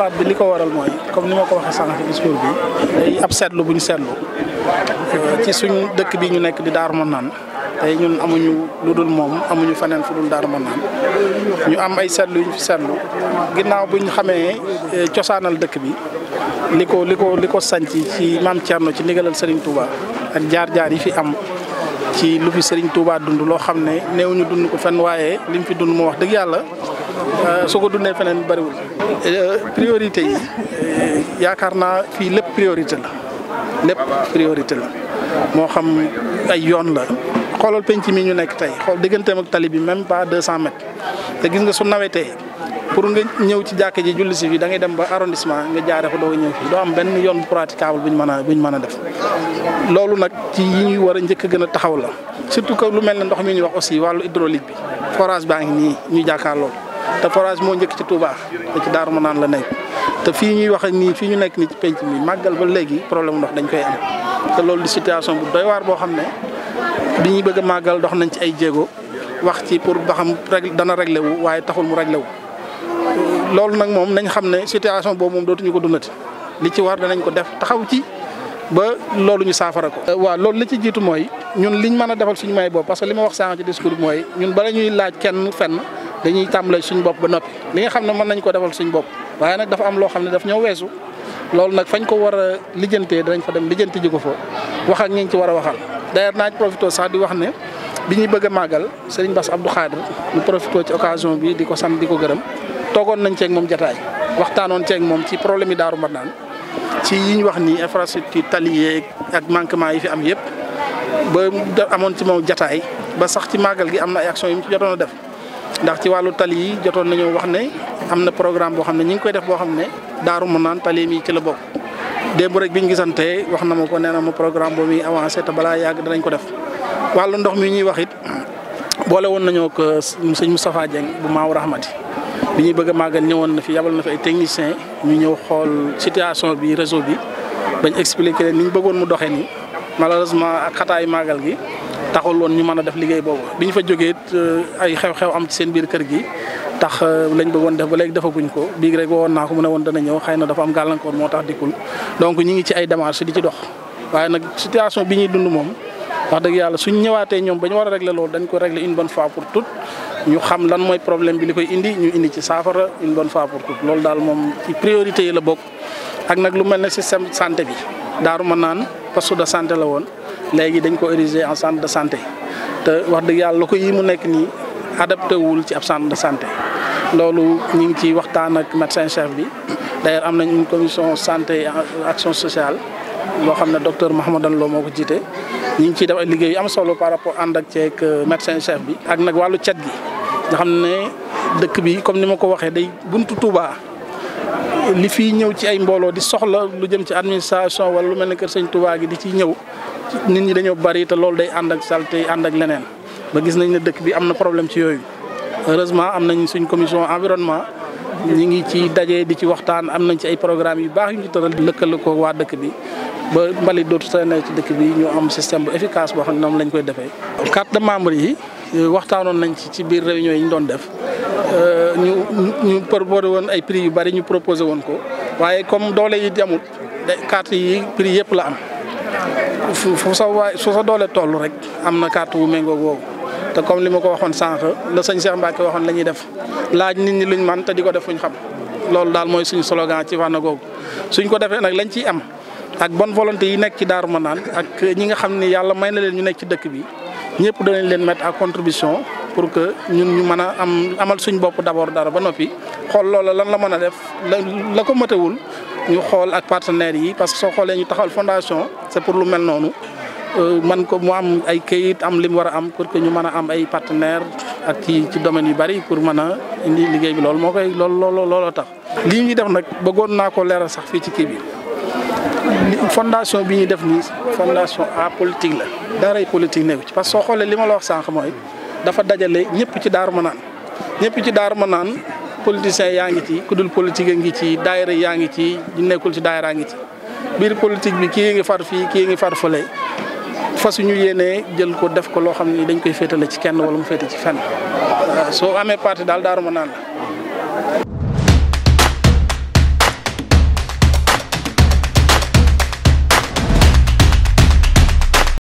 xalaat bi li ko waral mooy comme ni ma ko waxee sànq ci discours bi day ab seetlu bu ñu euh, ci suñ dëkk bi ñu nekk di Darou Manane tey ñun amuñu lu dul moom amuñu feneen fu dul Darou Manane ñu am ay seetlu yu fi seetlu ginnaaw bu xamee euh, cosaanal dëkk bi li ko li ko li ko sanc ci maam Thierno ci ndigalal Serigne Touba ak jaar-jaar yi fi am. ci lu fi Serigne Touba dund loo xam ne néew ñu dund ko fenn waaye li mu fi dund moo wax dëgg yàlla soo ko dundee feneen bëriwul euh, priorité yi yaakaar naa fii lépp priorité la lépp priorité la moo xam ay yoon la xoolal penc mi ñu nekk tey xool digganteem ak tali bi même pas 200 mètres te gis nga su nawetee pour nga ñëw ci jàkka ji julli si fii da ngay dem ba arrondissement nga jaaree fa doo ñëw fii doo am benn yoon bu praticable buñ mën a buñ mën a def loolu nag ci yi ñuy war a njëkk a gën a taxaw la surtout que lu mel ne ndox mi ñu wax aussi wàllu hydraulique bi forage ñu jàkkaar te forage moo njëkk ci Touba te ci Darou Manane la nekk te fii ñuy wax nii fii ñu nekk nii ci penc mi màggal ba léegi problème ndox dañ koy am te loolu di situation bu doy waar boo xam ne bi bëgg màggal dox nañ ci ay jéego wax ci pour ba xam rek dana réglé wu waaye taxul mu réglé wu. loolu nag moom nañ xam ne situation boobu moom dootuñu ko dundati li ci war danañ ko def taxaw ci ba loolu ñu saafara ko. Euh, waaw loolu li ci jiitu mooy ñun ñu mën a defal suñu may bopp parce que li ma wax sànq ci discours mooy ñun bala ñuy laaj kenn fenn. dañuy tàmbale suñ bopp ba noppi li nga xam ne mën nañ ko defal suñ bopp waaye nag dafa am loo xam ne daf ñoo weesu loolu nag fañ ko war a lijjantee danañ fa dem lijjanti ji ko fa wax ak ñi ci war a waxal d'ailleurs naa ci sax di wax ne bi ñuy bëgg a màggal Serigne Bass Abdou Khadir ñu profité ci occasion bi di ko sant di ko gërëm toogoon nañ ceeg moom jataay waxtaanoon ceeg moom ci problème yi Daaru Marnaan ci yi ñu wax nii infrastructure tali yeeg ak manquement yi fi am yëpp ba amoon ci moom jataay ba sax ci màggal gi am na ay yu mu ci def ndax ci wàllu tali yi jotoon nañoo wax ne am na programme boo xam ne ñi ngi koy def boo xam ne daaru mu naan tali mi ci la bokk. démb rek bi ñu gisantee wax na ma ko nee na ma programme boobu muy avancé te balaa yàgg danañ ko def wàllu ndox mi ñuy wax it boole woon nañoo ko euh, sëñ Moustapha Dieng bu Maaw Rahmati bi ñuy bëgg a màggal ñëwoon na fi yabal na fi ay techniciens mu ñëw xool situation bi réseau bi bañ expliquer ni ñu bëggoon mu doxee nii malheureusement ak màggal gi. taxul woon ñu mën a def liggéey boobu bi ñu fa jógee euh, ay xew-xew am ci seen biir kër gi tax euh, lañ bëggoon def ba léegi defaguñ ko bii rek woon naa ko mu ne woon dana ñëw xay na dafa am gàllankoor moo tax dikkul donc ñu ngi ci ay démarches di ci dox waaye nag situation bi ñu dund moom wax dëgg yàlla suñ ñëwaatee ñoom ba ñu war a régler lool dañ ko régler une bonne fois pour toutes ñu xam lan mooy problème bi li koy indi ñu indi ci saafara une bonne fois pour toutes loolu daal moom priorité yi la bokk ak nag lu mel ne système santé bi poste de santé la woon léegi dañ ko érigé en centre de santé te wax dëgg yàlla ko yi mu nekk nii adapté wul ci ab centre de santé loolu ñu ngi ciy waxtaan ak médecin chef bi d'ailleurs am nañ une commission santé action sociale loo xam ne docteur Mahamadan Lo moo ko jiite ñu ngi ciy def ay liggéey yu am solo par rapport ànd ak ceeg euh, médecin chef bi ak nag wàllu cet gi nga ne dëkk bi comme ni ma ko waxee day buntu Touba li fiy ñëw ci ay mbooloo di soxla lu jëm ci administration wala lu mel ni kër sëñ Touba gi di ci ñëw nit ñi dañoo bari te loolu day ànd ak salte ànd ak leneen ba gis nañ ne dëkk bi am na problème ci yooyu heureusement am nañ suñ commission environnement ñi ngi ci daje di ci waxtaan am nañ ci ay programme yu baax yu ñu tëral lëkkale ko waa dëkk bi ba mbalit dootu seenee ci dëkk bi ñu am système bu efficace boo xam ne noonu lañ koy defee. carte de membre yi waxtaanoon nañ ci ci biir réunion yi ñu doon def euh, ñu ñu proposé woon ay prix yu bari ñu proposé woon ko waaye comme doole yi demut carte yi prix yëpp la am fu sa waay fu sa doole toll rek am na carte wu méngoo woowu te comme li ma ko waxoon sànq la sañ Cheikh Mbacke waxoon la def laaj nit ñi luñ man te di ko def fuñ xam loolu daal mooy suñu slogan ci fànn googu suñ ko defee nag lañ ci am ak bon volonté yi nekk ci Darou naan ak ñi nga xam ne yàlla may na leen ñu nekk ci dëkk bi. ñëpp danañ leen mettre ak contribution pour que ñun ñu mën a am amal suñ bopp d'abord dara ba noppi xool loola lan la mën a def la ko matewul ñu xool ak partenaires yi parce que soo xoolee ñu taxawal fondation c'est pour lu mel noonu euh, man ko mu am ay kayit am li mu war a am pour que ñu mën a am ay partenaires ak ci ci domaine yu bari pour mën a indi liggéey bi loolu moo koy loolu looloo tax. lii ñu def nag bëggoon naa ko leeral sax fii ci kii bi. fondation bi ñuy def nii fondation apolitique la daaray politique nekku ci parce que soo xoolee li ma la wax sànq mooy dafa dajale ñëpp ci daar Darou Manane ñëpp ci Darou Manane politiciens yaa ngi ci ku dul politique a ngi ci daayira yaa ngi ci ñu nekkul ci daayira ngi ci biir politique bi kii ngi far fii kii ngi far fële fa suñu yéenee jël ko def ko loo xam ni dañ koy féetale ci kenn wala mu féete ci fenn euh, soo amee parti daal Darou Manane la